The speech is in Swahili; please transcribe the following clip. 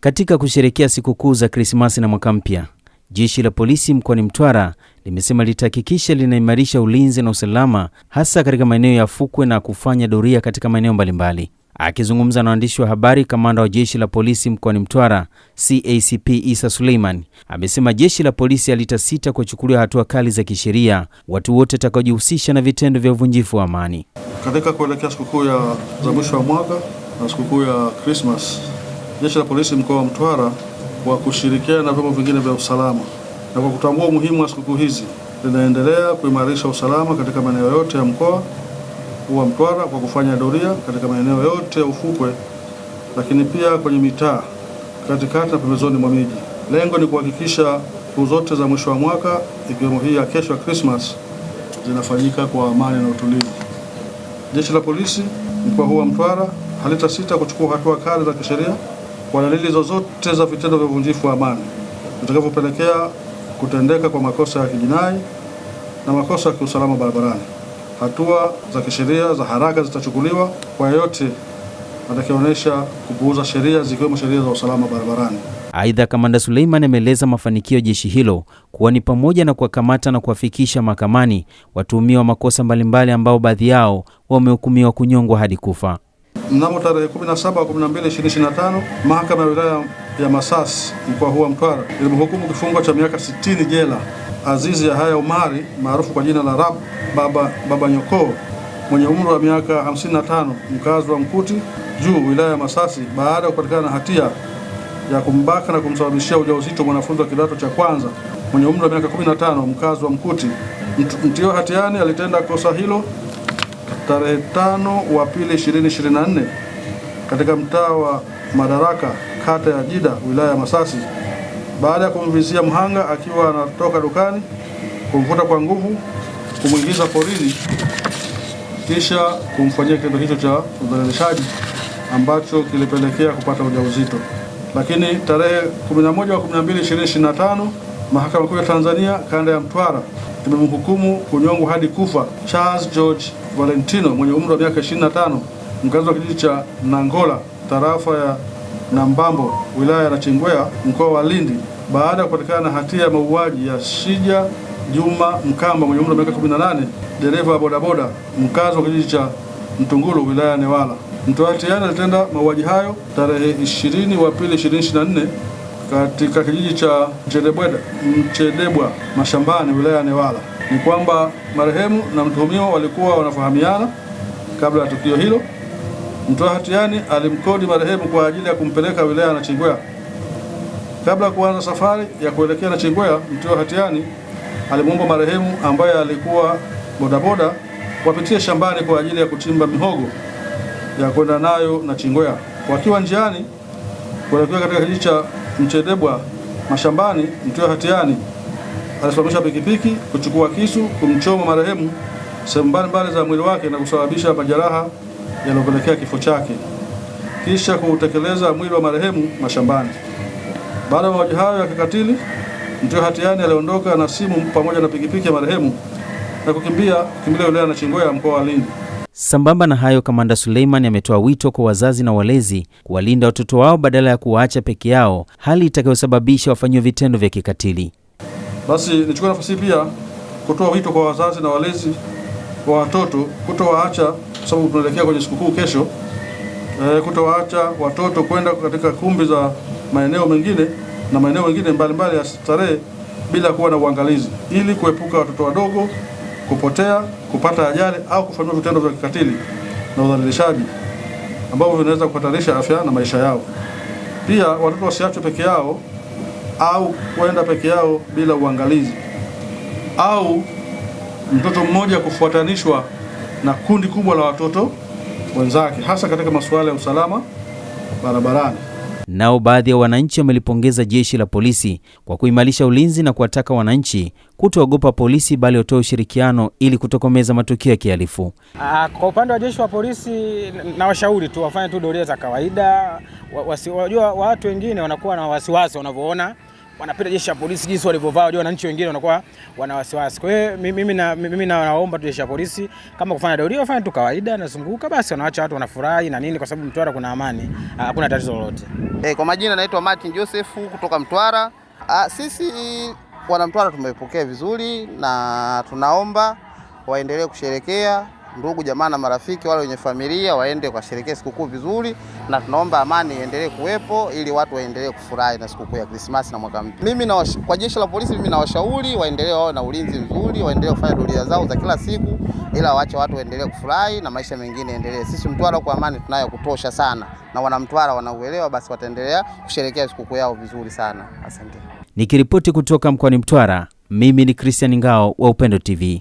Katika kusherekea sikukuu za Krismasi na mwaka mpya, jeshi la polisi mkoani Mtwara limesema litahakikisha linaimarisha ulinzi na usalama hasa katika maeneo ya fukwe na kufanya doria katika maeneo mbalimbali. Akizungumza na waandishi wa habari, kamanda wa jeshi la polisi mkoani Mtwara CACP Isa Suleiman amesema jeshi la polisi halitasita kuchukulia hatua kali za kisheria watu wote watakaojihusisha na vitendo vya uvunjifu wa amani katika kuelekea sikukuu za mwisho wa mwaka na sikukuu ya Krismas. Jeshi la Polisi mkoa wa Mtwara kwa kushirikiana na vyombo vingine vya usalama na kwa kutambua umuhimu wa sikukuu hizi linaendelea kuimarisha usalama katika maeneo yote ya mkoa wa Mtwara kwa kufanya doria katika maeneo yote ya ufukwe, lakini pia kwenye mitaa katikati na pembezoni mwa miji. Lengo ni kuhakikisha sikukuu zote za mwisho wa mwaka ikiwemo hii ya kesho ya Krismas zinafanyika kwa amani na utulivu. Jeshi la Polisi mkoa huu wa Mtwara halitasita kuchukua hatua kali za kisheria kwa dalili zozote za vitendo vya uvunjifu wa amani vitakavyopelekea kutendeka kwa makosa ya kijinai na makosa ya kiusalama barabarani. Hatua za kisheria za haraka zitachukuliwa kwa yeyote atakayeonyesha kupuuza sheria zikiwemo sheria za usalama barabarani. Aidha, Kamanda Suleiman ameeleza mafanikio ya jeshi hilo kuwa ni pamoja na kuwakamata na kuwafikisha mahakamani watuhumiwa makosa mbalimbali ambao baadhi yao wamehukumiwa kunyongwa hadi kufa. Mnamo tarehe 17 12 mahakama ya wilaya ya Masasi mkoa huu wa Mtwara ilimhukumu kifungo cha miaka 60 jela Azizi Yahaya Umari maarufu kwa jina la Rab Baba, Baba Nyoko mwenye umri wa miaka 55 mkazi wa Mkuti juu wilaya ya Masasi baada ya kupatikana na hatia ya kumbaka na kumsababishia ujauzito mwanafunzi wa kidato cha kwanza mwenye umri wa miaka 15 mkazi wa Mkuti. mtio hatiani alitenda kosa hilo tarehe tano wa pili 2024 katika mtaa wa Madaraka kata ya Jida wilaya ya Masasi baada ya kumvizia mhanga akiwa anatoka dukani, kumvuta kwa nguvu, kumwingiza porini, kisha kumfanyia kitendo hicho cha udhalilishaji ambacho kilipelekea kupata ujauzito. Lakini tarehe 11 wa 12 2025 Mahakama Kuu ya Tanzania kanda ya Mtwara imemhukumu kunyongwa hadi kufa Charles George Valentino mwenye umri wa miaka 25 mkazi wa kijiji cha Nangola tarafa ya Nambambo wilaya ya Nachingwea mkoa wa Lindi baada ya kupatikana na hatia ya mauaji ya Shija Juma Mkamba mwenye umri wa miaka 18 dereva wa bodaboda mkazi wa kijiji cha Mtungulu wilaya ya Newala. Mtoa hatiani alitenda mauaji hayo tarehe 20 wa pili 2024 katika kijiji cha Mchedebwa Mashambani, wilaya ya Newala ni kwamba marehemu na mtuhumiwa walikuwa wanafahamiana kabla ya tukio hilo. Mtoa hatiani alimkodi marehemu kwa ajili ya kumpeleka wilaya ya Nachingwea. Kabla ya kuanza safari ya kuelekea Nachingwea, mtoa hatiani alimwomba marehemu ambaye alikuwa bodaboda wapitie shambani kwa ajili ya kuchimba mihogo ya kwenda nayo Nachingwea. Wakiwa njiani kuelekea katika kijiji cha Mchedebwa mashambani, Mtio hatiani, alisimamisha pikipiki kuchukua kisu kumchoma marehemu sehemu mbalimbali za mwili wake na kusababisha majeraha yaliyopelekea kifo chake, kisha kuutekeleza mwili wa marehemu mashambani. Baada ya mauaji hayo ya kikatili, Mtio hatiani aliondoka na simu pamoja na pikipiki ya marehemu na kukimbia kukimbilia wilaya ya Nachingwea mkoa wa Lindi. Sambamba na hayo, Kamanda Suleiman ametoa wito kwa wazazi na walezi kuwalinda watoto wao badala ya kuwaacha peke yao, hali itakayosababisha wafanyiwe vitendo vya kikatili. Basi nichukue nafasi hii pia kutoa wito kwa wazazi na walezi wa watoto kutowaacha, kwa sababu tunaelekea kwenye sikukuu kesho, eh, kutowaacha watoto kwenda katika kumbi za maeneo mengine na maeneo mengine mbalimbali ya starehe bila kuwa na uangalizi, ili kuepuka watoto wadogo kupotea, kupata ajali au kufanyiwa vitendo vya kikatili na udhalilishaji ambavyo vinaweza kuhatarisha afya na maisha yao. Pia watoto wasiachwe peke yao au kwenda peke yao bila uangalizi, au mtoto mmoja kufuatanishwa na kundi kubwa la watoto wenzake, hasa katika masuala ya usalama barabarani. Nao baadhi ya wananchi wamelipongeza jeshi la polisi kwa kuimarisha ulinzi na kuwataka wananchi kutoogopa polisi, bali watoe ushirikiano ili kutokomeza matukio ya kihalifu. Ah, kwa upande wa jeshi wa polisi, na washauri tu wafanye tu doria za kawaida. Wajua watu wengine wanakuwa na wasiwasi wanavyoona wanapenda jeshi la polisi jinsi walivyovaa. wajua wananchi wengine wanakuwa wana wasiwasi. Kwa hiyo mimi na mimi na naomba tu jeshi la polisi kama kufanya doria wafanye tu kawaida, nazunguka basi, wanaacha watu wanafurahi na nini, kwa sababu Mtwara kuna amani, ah, hakuna tatizo lolote. Hey, eh, kwa majina naitwa Martin Joseph kutoka Mtwara. Ah, sisi wana Mtwara tumepokea vizuri na tunaomba waendelee kusherekea ndugu jamaa na marafiki wale wenye familia waende wakasherekea sikukuu vizuri, na tunaomba amani iendelee kuwepo ili watu waendelee kufurahi na sikukuu ya Krismasi na mwaka mpya. Mimi na kwa jeshi la polisi, mimi nawashauri waendelee wao na ulinzi mzuri, waendelee kufanya doria zao za kila siku, ila waache watu waendelee kufurahi na maisha mengine endelee. Sisi Mtwara kwa amani tunayo kutosha sana, na wanamtwara wanauelewa, basi wataendelea kusherekea sikukuu yao vizuri sana. Asante. Nikiripoti kutoka mkoani Mtwara, mimi ni Christian Ngao wa Upendo TV.